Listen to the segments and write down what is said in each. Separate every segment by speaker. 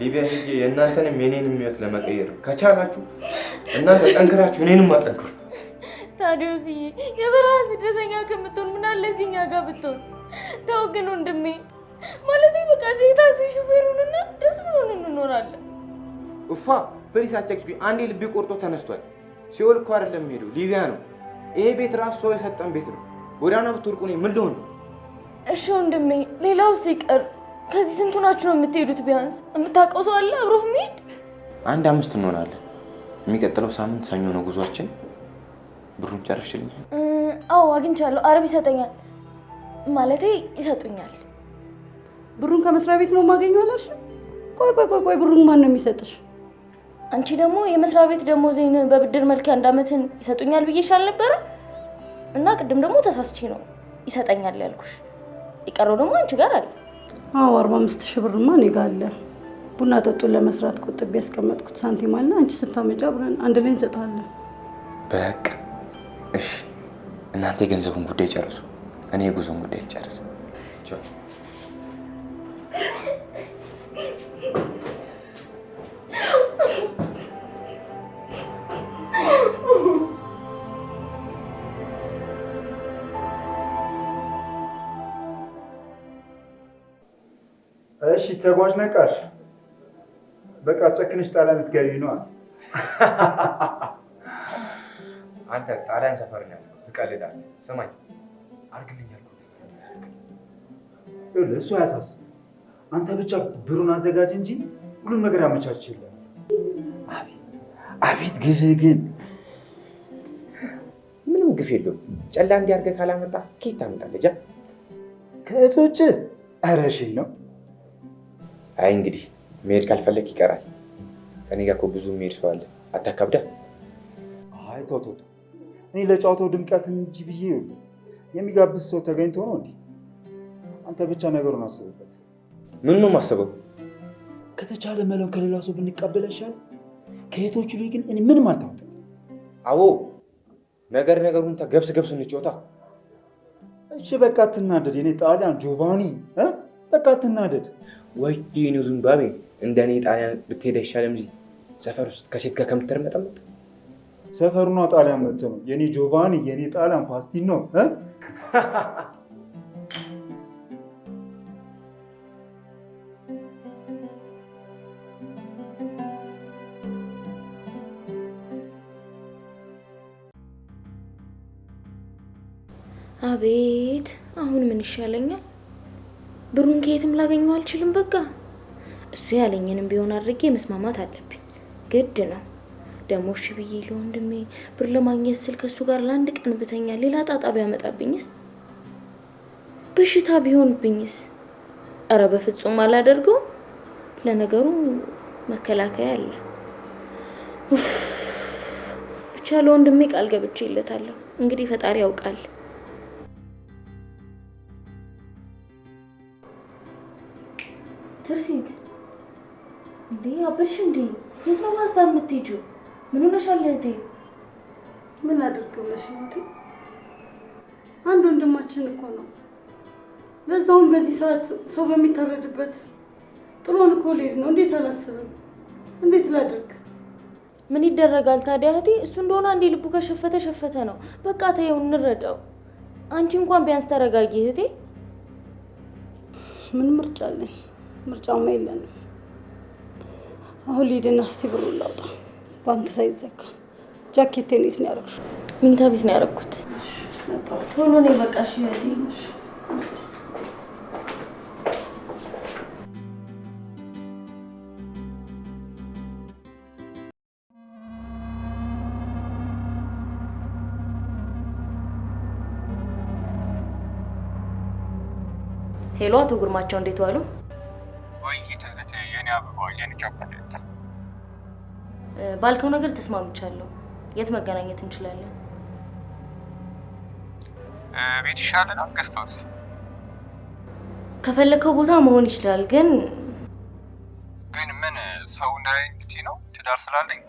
Speaker 1: ሊቢያ ሄጄ የእናንተንም የኔንም ህይወት ለመቀየር ከቻላችሁ እናንተ ጠንክራችሁ እኔንም አጠንክሩ።
Speaker 2: ታዲዮስዬ የበረሃ ስደተኛ ከምትሆን ምና አለ እዚህኛ ጋር ብትሆን። ተው ግን ወንድሜ ማለት በቃ እዚህ ታክሲ ሹፌሩንና ደስ ብሎን እንኖራለን።
Speaker 1: እፋ ፕሊስ አጨቅጭቁኝ። አንዴ ልቤ ቆርጦ ተነስቷል። ሲኦል እኮ አይደለም ሄደው ሊቢያ ነው። ይሄ ቤት ራሱ ሰው የሰጠን ቤት ነው። ጎዳና ብትወርቁ እኔ ምን ልሆን ነው?
Speaker 2: እሺ ወንድሜ ሌላው ሲቀር ከዚህ ስንቱ ናችሁ ነው የምትሄዱት? ቢያንስ የምታውቀው ሰው አለ አብሮህ የሚሄድ?
Speaker 1: አንድ አምስት እንሆናለን። የሚቀጥለው ሳምንት ሰኞ ነው ጉዟችን። ብሩን ጨረሽልኝ?
Speaker 2: አዎ አግኝቻለሁ። አረብ ይሰጠኛል ማለቴ ይሰጡኛል።
Speaker 3: ብሩን ከመስሪያ ቤት ነው የማገኘው አላልሽ? ቆይ ቆይ ቆይ ቆይ ብሩን ማን ነው የሚሰጥሽ?
Speaker 2: አንቺ ደግሞ የመስሪያ ቤት ደግሞ ዜን በብድር መልክ አንድ አመትን ይሰጡኛል ብዬሽ አልነበረ? እና ቅድም ደግሞ ተሳስቼ ነው ይሰጠኛል ያልኩሽ። የቀረው ደግሞ አንቺ ጋር አለ
Speaker 3: አዎ አርባ አምስት ሺህ ብርማ እኔ ጋ አለ። ቡና ጠጡን ለመስራት ቁጥብ ያስቀመጥኩት ሳንቲም አለ። አንቺ ስታመጫ አብረን አንድ ላይ እንሰጣለን።
Speaker 1: በቃ እሺ፣ እናንተ የገንዘቡን ጉዳይ ጨርሱ፣ እኔ የጉዞን ጉዳይ ልጨርስ። ተጓዥ ነቃሽ፣ በቃ ጨክነሽ ጣሊያን ልትገቢ ነዋ። አንተ ጣሊያን ሰፈር ነው ያልኩህ፣ ትቀልዳለህ። ስማኝ አድርግልኝ ያልኩህ እሱ አያሳስብም። አንተ ብቻ ብሩን አዘጋጅ እንጂ ሁሉም ነገር አመቻችልህ። አቤት ግፍህ ግን ምንም ግፍ የለውም። ጨላ እንዲያርገ ካላመጣ ኬት ታመጣለህ? ጃ ከእህቶችህ ነው አይ እንግዲህ መሄድ ካልፈለግ ይቀራል። ከኔ ጋር እኮ ብዙ መሄድ ሰው አለ። አታካብዳ። አይ ተው እኔ ለጨዋታው ድምቀት እንጂ ብዬ የሚጋብዝ ሰው ተገኝቶ ነው እንዲ። አንተ ብቻ ነገሩን አስብበት። ምን ነው ማስበው? ከተቻለ መለውን ከሌላ ሰው ብንቀበል ይሻል። ከየቶች ላይ ግን እኔ ምንም አልታወጥም። አዎ ነገር ነገሩን ገብስ ገብስ እንጫወታ። እሺ በቃ ትናደድ የኔ ጣሊያን ጆቫኒ በቃ ትናደድ ወይ ነው ዚምባብዌ እንደ እኔ ጣሊያን ብትሄድ አይሻልም? እዚህ ሰፈር ውስጥ ከሴት ጋር ከምትር መጠመጥ ሰፈሩ ጣሊያን መጥቶ ነው የኔ ጆቫኒ የኔ ጣሊያን ፓስቲን ነው።
Speaker 2: አቤት አሁን ምን ይሻለኛል? ብሩን ከየትም ላገኘው አልችልም። በቃ እሱ ያለኝንም ቢሆን አድርጌ መስማማት አለብኝ፣ ግድ ነው። ደግሞ እሺ ብዬ ለወንድሜ ብር ለማግኘት ስል ከእሱ ጋር ለአንድ ቀን ብተኛ ሌላ ጣጣ ቢያመጣብኝስ? በሽታ ቢሆንብኝስ? እረ በፍጹም አላደርገው። ለነገሩ መከላከያ አለ። ብቻ ለወንድሜ ቃል ገብቼ ይለታለሁ። እንግዲህ ፈጣሪ ያውቃል። ትርሲት እንዴ አበልሽ እንዴ የት ነው ሀሳብ የምትሄጂው? ምን ሆነሻል እህቴ?
Speaker 3: ምን አድርግ ብለሽ እህቴ? አንድ ወንድማችን እኮ ነው። በዛውም በዚህ ሰዓት ሰው በሚታረድበት ጥሎን እኮ ሊሄድ ነው። እንዴት አላስብም? እንዴት ላድርግ?
Speaker 2: ምን ይደረጋል ታዲያ እህቴ። እሱ እንደሆነ አንዴ ልቡ ከሸፈተ ሸፈተ ነው። በቃ ተይው፣ እንረዳው። አንቺ እንኳን ቢያንስ ተረጋጊ እህቴ።
Speaker 3: ምን ምርጫ አለኝ? ምርጫማ የለንም። አሁን ልሂድና እስቲ ብሩ ላውጣ። ባንክ ሳይዘጋ ጃኬት ቴኒስ ነው ያደረግሽው?
Speaker 2: ምኝታ ቤት ነው ያደረግኩት።
Speaker 3: ቶሎ ነው የበቃሽ እህቴ።
Speaker 2: ሄሎ፣ አቶ ግርማቸው እንዴት ዋሉ? ባልከው ነገር ተስማምቻለሁ። የት መገናኘት እንችላለን?
Speaker 4: ቤት ይሻለና ገስት
Speaker 2: ከፈለከው ቦታ መሆን ይችላል። ግን
Speaker 4: ግን ምን ሰው እንዳይንስቲ ነው ትዳር ስላለኝ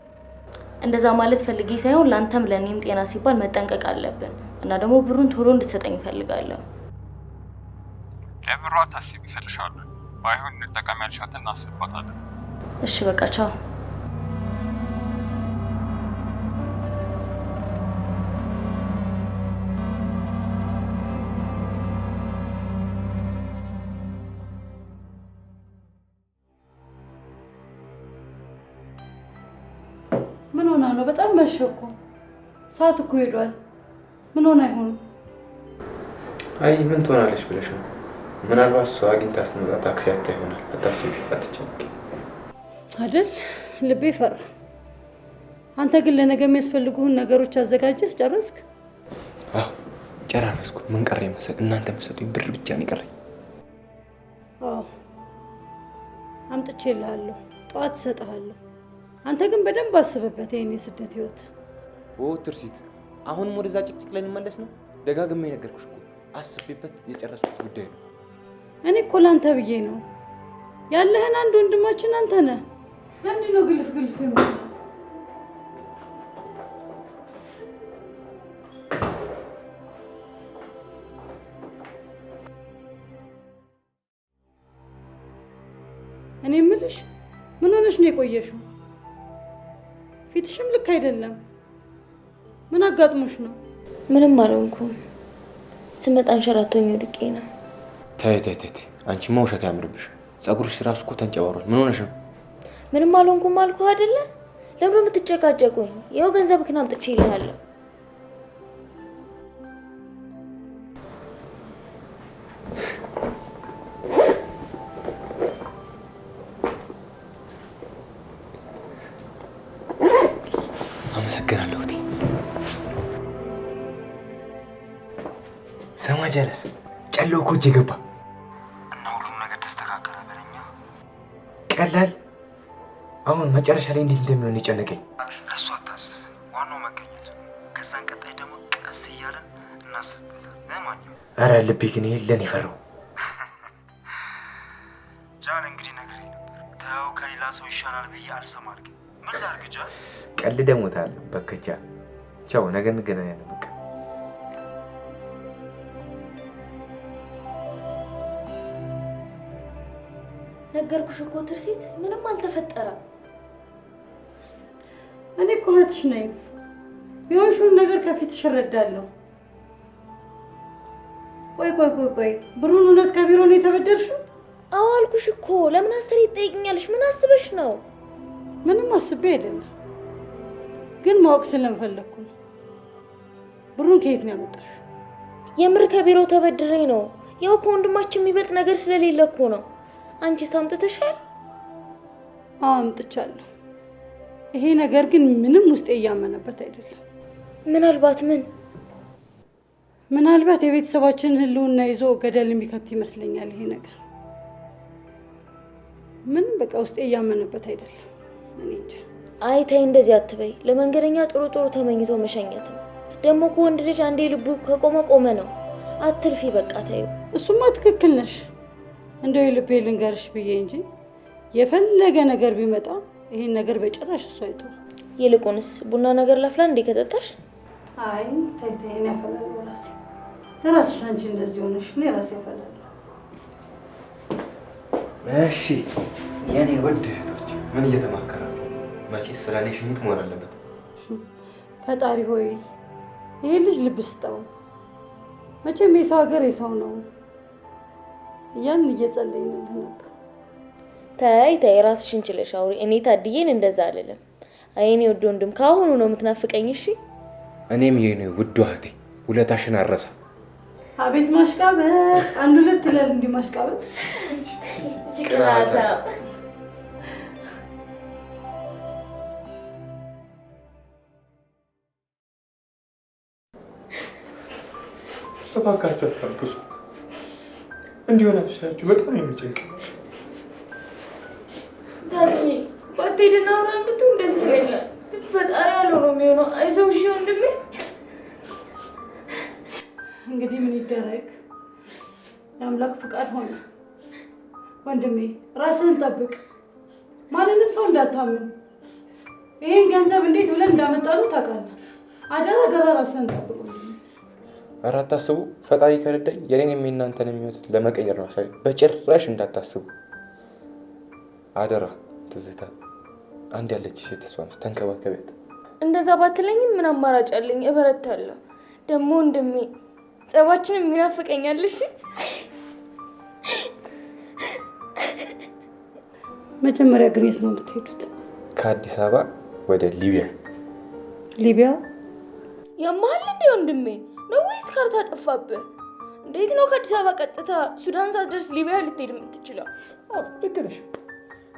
Speaker 2: እንደዛ ማለት ፈልጌ ሳይሆን ለአንተም ለእኔም ጤና ሲባል መጠንቀቅ አለብን እና ደግሞ ብሩን ቶሎ እንድትሰጠኝ እፈልጋለሁ።
Speaker 4: ለብሯ ታስቢ እሰጥሻለሁ። ባይሆን እንጠቀሚያልሻት እናስባታለን።
Speaker 2: እሺ በቃ ቻው።
Speaker 3: ምን ሆና ነው? በጣም መሸ እኮ ሰዓት እኮ ሄዷል። ምን ሆና ይሆን?
Speaker 1: አይ ምን ትሆናለች ብለሽ ነው? ምናልባት እሷ አግኝታ ስትመጣ ታክሲ አታ ይሆናል። አታስቢ፣ አትጨነቂ
Speaker 3: አይደል? ልቤ ፈራ። አንተ ግን ለነገ የሚያስፈልጉህን ነገሮች አዘጋጀህ ጨረስክ?
Speaker 1: አዎ ጨራረስኩ። ምን ቀረ መሰል? እናንተ መሰጡኝ ብር ብቻ ነው የቀረኝ።
Speaker 3: አዎ ላለሁ ጠዋት እሰጥሃለሁ። አንተ ግን በደንብ አስብበት ይህን የስደት ህይወት።
Speaker 1: ኦ ትርሲት፣ አሁንም ወደዛ ጭቅጭቅ ላይ እንመለስ ነው? ደጋግሜ ነገርኩሽ እኮ አስቤበት የጨረስኩት ጉዳይ ነው።
Speaker 3: እኔ እኮ ላንተ ብዬ ነው። ያለህን አንድ ወንድማችን አንተ ነህ። ምንድን ነው ግልፍ ግልፍ? እኔ የምልሽ ምን ሆነሽ ነው የቆየሽው? ፊትሽም ልክ አይደለም። ምን አጋጥሞሽ ነው?
Speaker 2: ምንም አልሆንኩም። ስመጣ አንሸራቶኝ ወድቄ ነው።
Speaker 1: ተይ ተይ ተይ፣ አንቺማ ውሸት አያምርብሽ። ፀጉርሽ ራሱ እኮ ተንጨባሯል። ምን ሆነሽ ነው?
Speaker 2: ምንም አልሆንኩም አልኩህ አይደለ? ለምዶ የምትጨቃጨቁኝ? ይኸው ገንዘብ ክን አምጥቼ ይልሃለሁ።
Speaker 1: አመሰግናለሁ። እቴ ስማ ጀለስ ጨለው እኮ እጄ ገባ እና ሁሉም ነገር ተስተካከለ በለኛ ቀላል አሁን መጨረሻ ላይ እንዴት እንደሚሆን የጨነቀኝ እሱ። አታስብ፣ ዋናው መገኘቱ። ከዛን ቀጣይ ደግሞ ቀስ እያለን እናስብበታለን። ማንም ኧረ ልቤ ግን ይሄ ለኔ ጃን። እንግዲህ ነግሬ ነበር፣ ተው ከሌላ ሰው ይሻላል ብዬ አልሰማ አድርጌ ምን ላድርግ ጃን። ቀል ደሞታል። በከቻ ቻው፣ ነገ እንገናኛለን። በቃ
Speaker 2: ነገርኩሽ እኮ ትርሲት፣ ምንም አልተፈጠረም።
Speaker 3: እህትሽ ነኝ። የሆንሽውን ነገር ከፊትሽ እረዳለሁ። ቆይ ቆይ ቆይ ቆይ ብሩን እውነት ከቢሮ ነው የተበደርሽው?
Speaker 2: አዎ አልኩሽ እኮ። ለምን አስሬ ትጠይቅኛለሽ? ምን አስበሽ ነው?
Speaker 3: ምንም አስቤ አይደለም፣ ግን ማወቅ ስለምፈለግኩ ነው። ብሩን ከየት ነው ያመጣሽ?
Speaker 2: የምር ከቢሮ ተበድሬ ነው። ያው ከወንድማችን የሚበልጥ ነገር ስለሌለ እኮ ነው። አንቺስ አምጥተሻል?
Speaker 3: አዎ አምጥቻለሁ። ይሄ ነገር ግን ምንም ውስጤ እያመነበት አይደለም።
Speaker 2: ምናልባት ምን
Speaker 3: ምናልባት የቤተሰባችንን ህልውና ይዞ ገደል የሚከት ይመስለኛል። ይሄ ነገር ምን በቃ ውስጤ እያመነበት አይደለም። እኔ
Speaker 2: እንጃ። አይ ተይ፣ እንደዚህ አትበይ። ለመንገደኛ ጥሩ ጥሩ ተመኝቶ መሸኘት ነው። ደግሞ ከወንድ ልጅ አንዴ ልቡ ከቆመ ቆመ ነው። አትልፊ፣ በቃ ተይው።
Speaker 3: እሱማ ትክክል ነሽ። እንደው የልቤ ልንገርሽ ብዬ እንጂ የፈለገ ነገር ቢመጣ ይሄን ነገር በጭራሽ እሱ አይቶ
Speaker 2: ይልቁንስ ቡና ነገር ላፍላ እንዴ ከጠጣሽ?
Speaker 3: አይ ተይ ተይ፣ እኔ አፈላለሁ ራሴ ለራስሽ። አንቺ እንደዚህ ሆነሽ እኔ ራሴ አፈላለሁ።
Speaker 1: እሺ የኔ ውድ እህቶች ምን እየተማከራችሁ? መቼስ ስለ እኔ ሽኝት መሆን አለበት።
Speaker 3: ፈጣሪ ሆይ ይሄ ልጅ ልብ ስጠው። መቼም የሰው ሀገር የሰው ነው እያልን እየጸለይንልህ ነበር
Speaker 2: ተይ ተይ፣ ራስሽን ችለሽ አውሪ። እኔ ታድዬን እንደዛ አልልም። አይኔ ውድ ወንድም ከአሁኑ ነው የምትናፍቀኝ። እሺ
Speaker 1: እኔም የኔ ውድ እህቴ ውለታሽን አረሳ።
Speaker 3: አቤት ማሽቃበጥ! አንድ ሁለት ይላል እንዲህ ማሽቃበጥ።
Speaker 1: እባካችሁ አታልቅሱ። እንዲሆናችሁ በጣም የሚጨንቅ
Speaker 2: ብትሄድና አውራን ብትሆን ደስ ይለኛል። ፈጣሪ ያለው ነው የሚሆነው። አይዞህ እሺ ወንድሜ።
Speaker 3: እንግዲህ ምን ይደረግ፣ የአምላክ ፍቃድ ሆነ። ወንድሜ ራስህን ጠብቅ፣ ማንንም ሰው እንዳታምን። ይሄን ገንዘብ እንዴት ብለን እንዳመጣሉ ታውቃለህ። አደራ አደራ፣ ራስህን ጠብቅ።
Speaker 1: ኧረ አታስቡ። ፈጣሪ ከረዳኝ የኔን የሚናንተን የሚወት ለመቀየር ነው። ሳይ በጭራሽ እንዳታስቡ አደራ። ትዝታ አንድ ያለች ሴት ነች፣ ተንከባከቢያት።
Speaker 2: እንደዛ ባትለኝም ምን አማራጭ አለኝ? እበረታለሁ። ደግሞ ወንድሜ ጸባችንም የሚናፍቀኛልሽ።
Speaker 3: መጀመሪያ ግን የት ነው የምትሄዱት?
Speaker 1: ከአዲስ አበባ ወደ ሊቢያ።
Speaker 3: ሊቢያ
Speaker 2: ያመሀል እንዴ ወንድሜ? ነው ወይስ ካርታ ጠፋብህ? እንዴት ነው ከአዲስ አበባ ቀጥታ ሱዳን ሳትደርስ ሊቢያ ልትሄድ የምትችለው?
Speaker 3: ልክ ነሽ።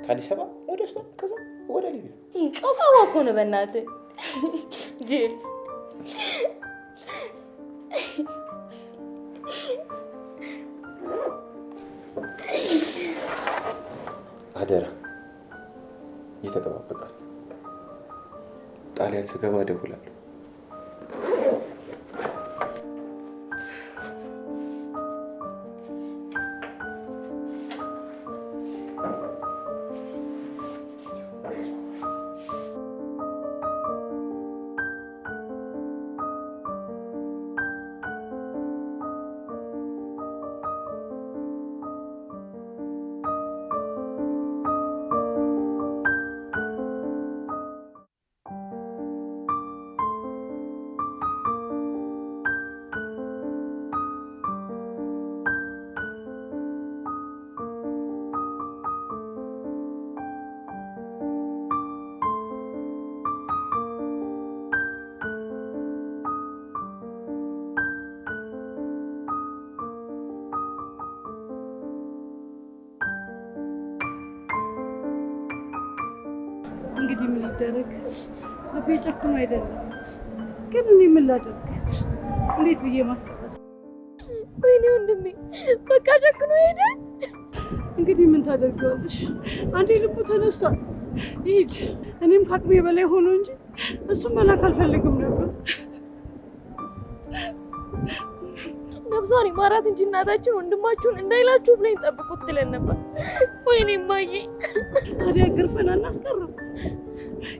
Speaker 3: ከአዲስ አበባ ወደ ሱዳን ከዛ ወደ ሊቢያ
Speaker 2: ቀውቃዋ እኮ ነው። በእናትህ ጅል
Speaker 1: አደራ እየተጠባበቃችሁ ጣሊያን ስገባ እደውላለሁ።
Speaker 3: ይደረግ አቤ ጨክኖ አይደለም ግን እኔ ምን ላደርግ? እንዴት ብዬ ማስቀረት?
Speaker 2: ወይኔ ወንድሜ በቃ ጨክኖ ሄደ።
Speaker 3: እንግዲህ ምን ታደርጊዋለሽ? አንዴ ልቡ ተነስቷል፣ ይሂድ። እኔም ከአቅሜ በላይ ሆኖ እንጂ እሱም መላክ አልፈልግም ነበር።
Speaker 2: ነፍሷን ማራት እንጂ እናታችሁን ወንድማችሁን እንዳይላችሁ ብለኝ ጠብቁት ትለን ነበር። ወይኔ ማዬ
Speaker 3: ታዲያ ገርፈን አናስቀርም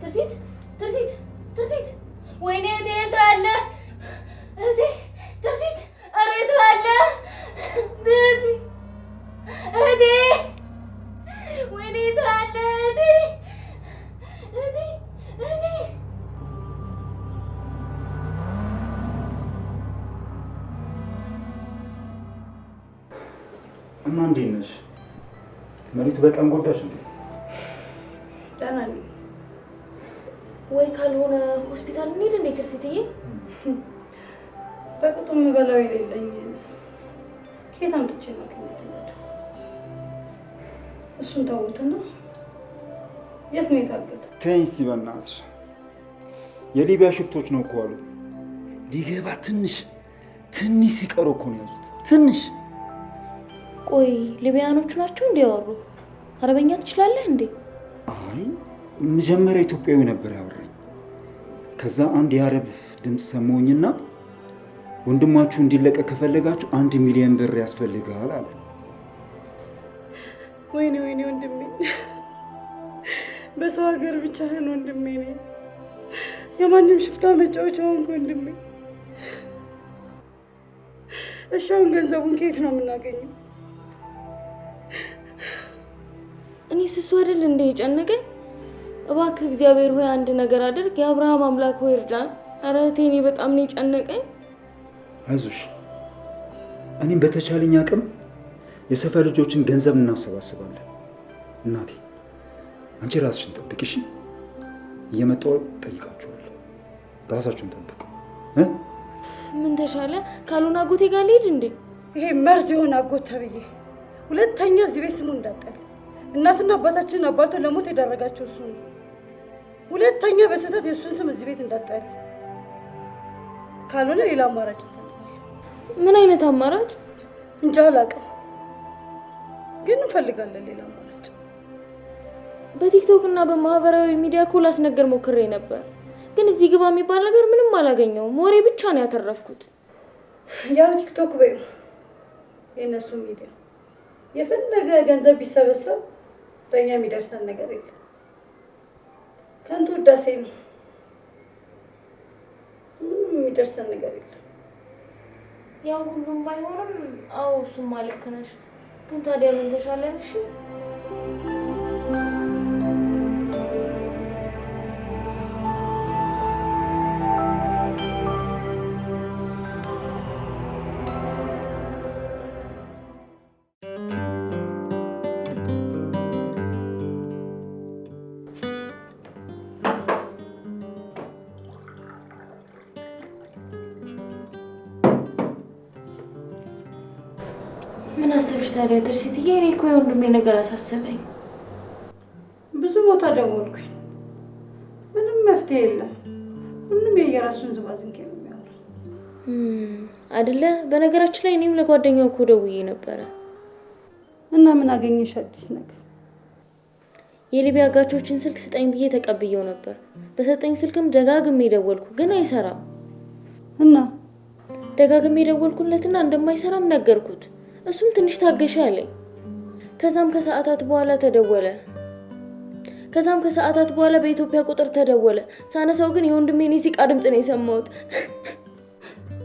Speaker 2: ትርሲት ትርሲት ትርሲት፣ ወይኔ እቴ ሰው አለ እቴ ትርሲት፣ ኧረ ሰው አለ እቴ፣ ወይኔ ሰው አለ እቴ እቴ እቴ
Speaker 1: እማ እንዴት ነሽ? መሬት በጣም ጎዳሽ እንዴ?
Speaker 2: ካልሆነ ሆስፒታል እንሄድ። እንዴት እርትትዬ
Speaker 3: በቅጡ የምበላው የሌለኝ ከየት አምጥቼ ማግኘት? እሱን ታውትና የት ነው የታገተ?
Speaker 1: ቴንስቲ በናት የሊቢያ ሽፍቶች ነው እኮ አሉ። ሊገባ ትንሽ ትንሽ ሲቀሩ እኮ ነው ያዙት። ትንሽ
Speaker 2: ቆይ፣ ሊቢያኖቹ ናቸው እንዲ ያወሩ? አረበኛ ትችላለህ እንዴ?
Speaker 1: አይ መጀመሪያ ኢትዮጵያዊ ነበር ያወራ ከዛ አንድ የአረብ ድምፅ ሰማሁኝና ወንድማችሁ እንዲለቀቅ ከፈለጋችሁ አንድ ሚሊዮን ብር ያስፈልጋል አለ።
Speaker 3: ወይኔ ወይኔ ወንድሜ በሰው ሀገር ብቻህን ወንድሜ ነኝ። የማንም ሽፍታ መጫወቻ ሆንክ ወንድሜ። እሻውን ገንዘቡን ከየት ነው የምናገኘው?
Speaker 2: እኔ ስሱ አይደል እንደ የጨነቀኝ እባክህ እግዚአብሔር ሆይ አንድ ነገር አድርግ፣ የአብርሃም አምላክ ሆይ እርዳን። ኧረ እህቴ እኔ በጣም ነው የጨነቀኝ።
Speaker 1: አይዞሽ፣ እኔም በተቻለኝ አቅም የሰፈር ልጆችን ገንዘብ እናሰባስባለን። እናቴ አንቺ ራስሽን ጠብቂ እሺ። እየመጣሁ ጠይቃችኋለሁ። ራሳችሁን ጠብቁ።
Speaker 2: ምን ተሻለ? ካልሆነ አጎቴ ጋር ልሂድ እንዴ?
Speaker 3: ይሄ መርዝ የሆነ አጎት ተብዬ ሁለተኛ እዚህ ቤት ስሙ እንዳጠል እናትና አባታችንን አባልቶ ለሞት የዳረጋቸው እሱ ነው። ሁለተኛ በስህተት የእሱን ስም እዚህ ቤት እንዳትጠሪ። ካልሆነ ሌላ አማራጭ ይፈልጋል።
Speaker 2: ምን አይነት አማራጭ
Speaker 3: እንጃ አላውቅም፣ ግን እንፈልጋለን ሌላ አማራጭ።
Speaker 2: በቲክቶክ እና በማህበራዊ ሚዲያ እኮ ላስነገር ሞክሬ ነበር፣ ግን እዚህ ግባ የሚባል ነገር ምንም አላገኘውም። ወሬ ብቻ ነው ያተረፍኩት።
Speaker 3: ያው ቲክቶክ በይው የእነሱ ሚዲያ የፈለገ ገንዘብ ቢሰበሰብ በእኛ የሚደርሰን ነገር የለም። ከንቱ ውዳሴ ነው። ምንም የሚደርሰን ነገር የለም።
Speaker 2: ያው ሁሉም ባይሆንም፣ አዎ እሱማ ልክ ነሽ። ግን ታዲያ ምን ተሻለን? እሺ ታዲያ ሴትዬ እኔ እኮ የወንድሜ ነገር አሳሰበኝ።
Speaker 3: ብዙ ቦታ ደወልኩኝ፣ ምንም መፍትሄ የለም። ሁሉም የየራሱን ዝባዝንኬ ነው የሚያወራው
Speaker 2: አይደለ? በነገራችን ላይ እኔም ለጓደኛው እኮ ደውዬ ነበረ።
Speaker 3: እና ምን አገኘሽ አዲስ ነገር?
Speaker 2: የሊቢያ አጋቾችን ስልክ ስጠኝ ብዬ ተቀብየው ነበር። በሰጠኝ ስልክም ደጋግሜ ደወልኩ፣ ግን አይሰራም እና ደጋግሜ ደወልኩለትና እንደማይሰራም ነገርኩት። እሱም ትንሽ ታገሻ አለኝ። ከዛም ከሰዓታት በኋላ ተደወለ። ከዛም ከሰዓታት በኋላ በኢትዮጵያ ቁጥር ተደወለ። ሳነሳው ግን የወንድሜን የሲቃ ድምፅ ነው የሰማሁት።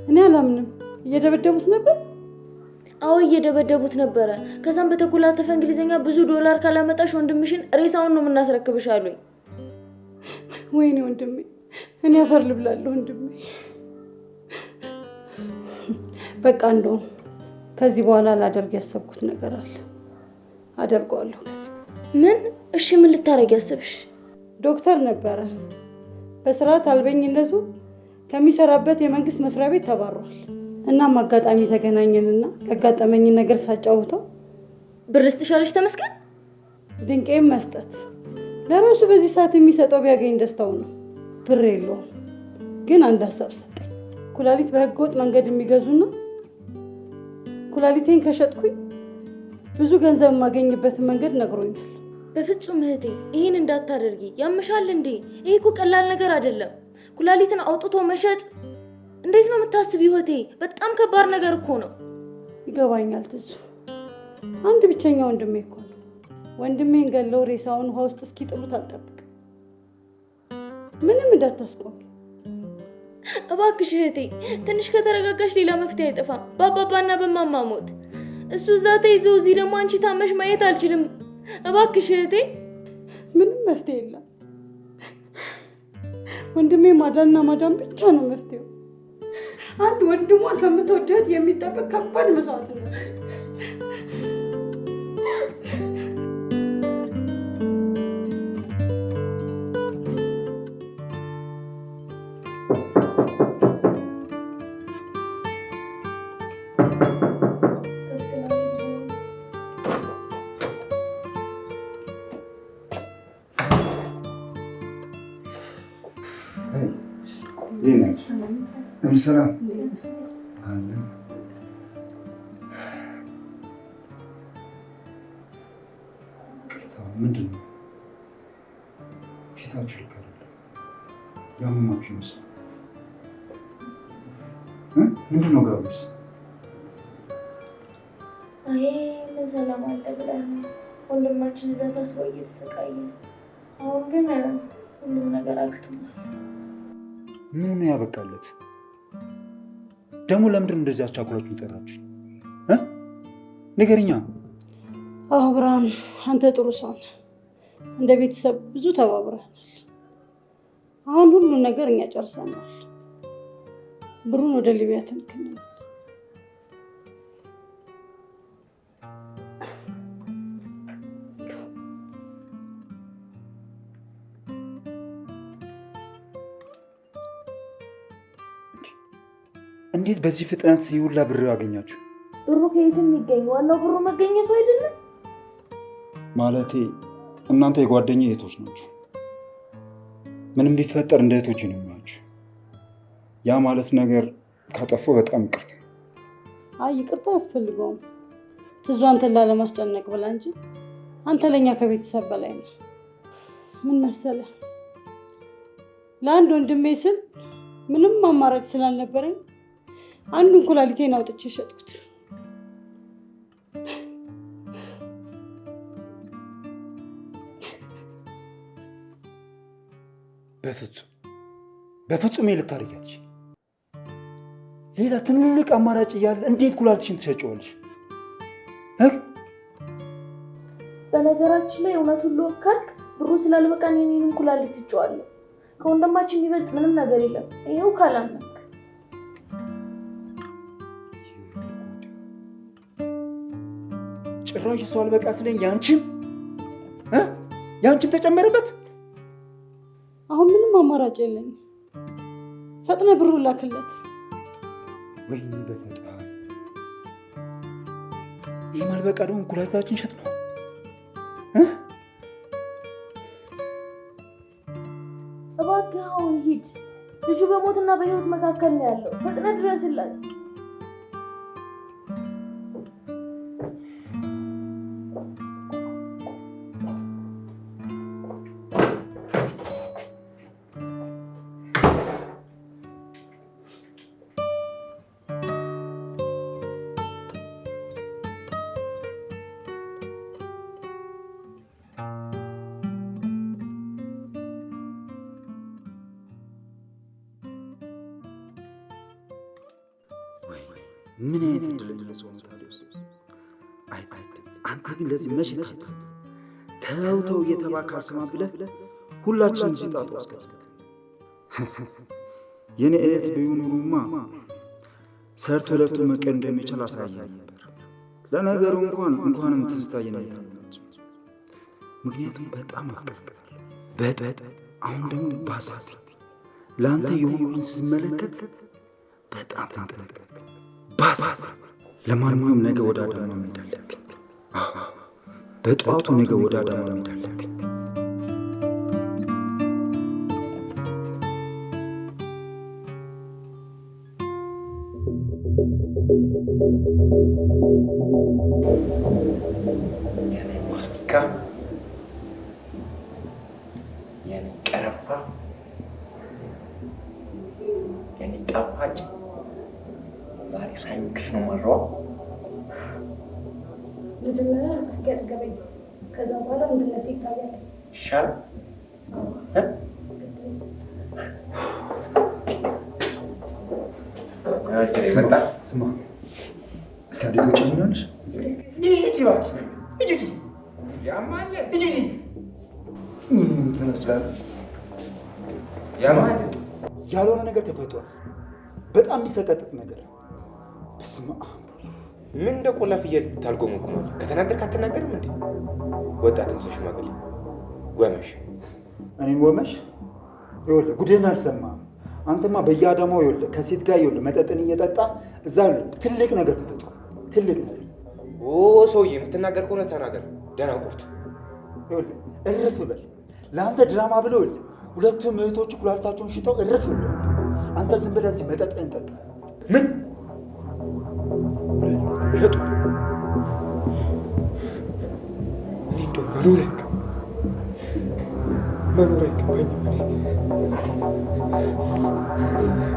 Speaker 3: እኔ አላምንም። እየደበደቡት ነበር?
Speaker 2: አዎ እየደበደቡት ነበረ። ከዛም በተኮላተፈ እንግሊዝኛ ብዙ ዶላር ካላመጣሽ ወንድምሽን ሬሳውን ነው የምናስረክብሽ አሉኝ።
Speaker 3: ወይኔ ወንድሜ፣ እኔ አፈር ልብላለሁ ወንድሜ። በቃ እንደውም ከዚህ በኋላ ላደርግ ያሰብኩት ነገር አለ። አደርገዋለሁ። ከዚህ
Speaker 2: ምን? እሺ፣ ምን ልታደርግ ያሰብሽ?
Speaker 3: ዶክተር ነበረ። በስርዓት አልበኝነቱ ከሚሰራበት የመንግስት መስሪያ ቤት ተባሯል። እናም አጋጣሚ ተገናኘንና ያጋጠመኝን ነገር ሳጫውተው
Speaker 2: ብር ስትሻለች ተመስገን
Speaker 3: ድንቄም መስጠት ለራሱ በዚህ ሰዓት የሚሰጠው ቢያገኝ ደስታው ነው። ብር የለውም፣ ግን አንድ ሀሳብ ሰጠኝ። ኩላሊት በህገወጥ መንገድ የሚገዙና ኩላሊቴን ከሸጥኩኝ ብዙ ገንዘብ የማገኝበትን መንገድ ነግሮኛል።
Speaker 2: በፍጹም እህቴ ይህን እንዳታደርጊ። ያምሻል እንዴ? ይሄ እኮ ቀላል ነገር አይደለም። ኩላሊትን አውጥቶ መሸጥ እንዴት ነው የምታስብ ይሆቴ በጣም ከባድ ነገር እኮ ነው።
Speaker 3: ይገባኛል ትዙ። አንድ ብቸኛ ወንድሜ እኮ ነው። ወንድሜን ገለው ሬሳውን ውሃ ውስጥ እስኪጥሉት አልጠብቅ። ምንም እንዳታስቆሚ
Speaker 2: እባክሽ እህቴ ትንሽ ከተረጋጋሽ ሌላ መፍትሄ አይጠፋም። በአባባና በማማ ሞት እሱ እዛ ተይዞ እዚህ ደግሞ አንቺ ታመሽ ማየት አልችልም። እባክሽ እህቴ
Speaker 3: ምንም መፍትሄ የለም። ወንድሜ ማዳንና ማዳን ብቻ ነው መፍትሄው። አንድ ወንድሟን ከምትወደት የሚጠበቅ ከባድ መስዋዕትነት
Speaker 1: ለምሳሌ አለ ምንድን ነው ፊታችሁ ልክ አይደለም። ያመማችሁ ይመስላል። ምንድን ነው ግራስ
Speaker 2: ሰላም አለ ብለህ ወንድማችን እዛ ታስሮ እየተሰቃየ አሁን ግን ሁሉም ነገር አክትሟል።
Speaker 1: ምን ያበቃለት ደግሞ ለምንድን እንደዚህ አስቻኩላችሁ ይጠራችሁ? ንገርኛ።
Speaker 3: አብርሃም አንተ ጥሩ ሰው ነህ። እንደ ቤተሰብ ብዙ ተባብረናል። አሁን ሁሉን ነገር እኛ ጨርሰናል። ብሩን ወደ ሊቢያ ትልክልናል።
Speaker 1: እንዴት በዚህ ፍጥነት ይውላ ብር አገኛችሁ?
Speaker 2: ብሩ ከየት የሚገኝ ዋናው ብሩ መገኘቱ አይደለም።
Speaker 1: ማለቴ እናንተ የጓደኛ እህቶች ናችሁ። ምንም ቢፈጠር እንደ እህቶች ነው የሚያችሁ። ያ ማለት ነገር ካጠፎ በጣም ይቅርታ።
Speaker 3: አይ ይቅርታ አያስፈልገውም። ትዙ አንተን ላለማስጨነቅ ብላ እንጂ አንተ ለእኛ ከቤተሰብ በላይ ነው። ምን መሰለህ ለአንድ ወንድሜ ስል ምንም አማራጭ ስላልነበረኝ አንዱን ኩላሊቴን አውጥቼ ሸጥኩት።
Speaker 1: በፍጹም በፍጹም ልታደርጊያለሽ። ሌላ ትልቅ አማራጭ እያለ እንዴት ኩላሊትሽን ትሸጪዋለሽ?
Speaker 2: በነገራችን ላይ እውነቱን ልወካልክ ብሩ ስላልበቃን የኔንም ኩላሊት ትጨዋለሁ። ከወንድማችን የሚበልጥ ምንም ነገር የለም። ይኸው ካላመንክ
Speaker 1: ጭራሽ እሷ አልበቃ ስለኝ ያንቺም ያንቺም ተጨመረበት።
Speaker 3: አሁን ምንም አማራጭ የለኝ። ፈጥነ ብሩ ላክለት።
Speaker 1: ወይኔ በፈጣሪ ይህ ማልበቃ ደግሞ ኩላታችን ሸጥ ነው።
Speaker 2: እባክህ አሁን ሂድ። ልጁ በሞትና በህይወት መካከል ነው ያለው። ፈጥነ ድረስላት።
Speaker 1: እንደዚህ መቼ ታለ ተው ተው እየተባክ አልሰማ ብለህ ሁላችን እዚህ ጣጣ ውስጥ የኔ እህት ቢሆኑሩማ ሰርቶ ለፍቶ መቀን እንደሚችል አሳያ ነበር። ለነገሩ እንኳን እንኳንም ትዝታ የናይታለች። ምክንያቱም በጣም አፍቅራለሁ በጣም አሁን ደግሞ ባሳት ለአንተ የሆኑን ስመለከት በጣም ተንቀጠቀጥ ባሳት። ለማንኛውም ነገ ወደ አዳማ መሄድ አለብኝ። በጠዋቱ ነገ ወደ አዳማ መሄድ አለብኝ። ማስቲካ፣ የኔ ቀረፋ፣ የኔ ጣፋጭ ዛሬ ሳይንክሽ ነው መራው
Speaker 2: መጀመሪያ እስኪያጥገበኝ ከዛ በኋላ ምንድነት ይታያል
Speaker 1: ይሻል ስመጣ ስማ ሆነሽ ያልሆነ ነገር ተፈቷል። በጣም የሚሰቀጥጥ ነገር በስመ አብ ምን እንደ ቆላ ፍየል ታልጎመጉማል? ከተናገር አትናገርም እንዴ? ወጣት መሰ ሽማግሌ ወመሽ እኔም ወመሽ ይኸውልህ፣ ጉድህን አልሰማህም። አንተማ በየአዳማው ይኸውልህ፣ ከሴት ጋር ይኸውልህ፣ መጠጥን እየጠጣ እዛ ትልቅ ነገር ተፈጥሮ ትልቅ ነገር ኦ ሰውዬ፣ የምትናገር ከሆነ ተናገር። ደናቁርት ይኸውልህ፣ እርፍ በል ለአንተ ድራማ ብለው ይኸውልህ፣ ሁለቱም እህቶች ኩላሊታቸውን ሽጠው እርፍ ብለዋል። አንተ ዝም ብለህ እዚህ መጠጥን ጠጣ ምን Shadow. Lindon, Manurek. Manurek, Benjamin.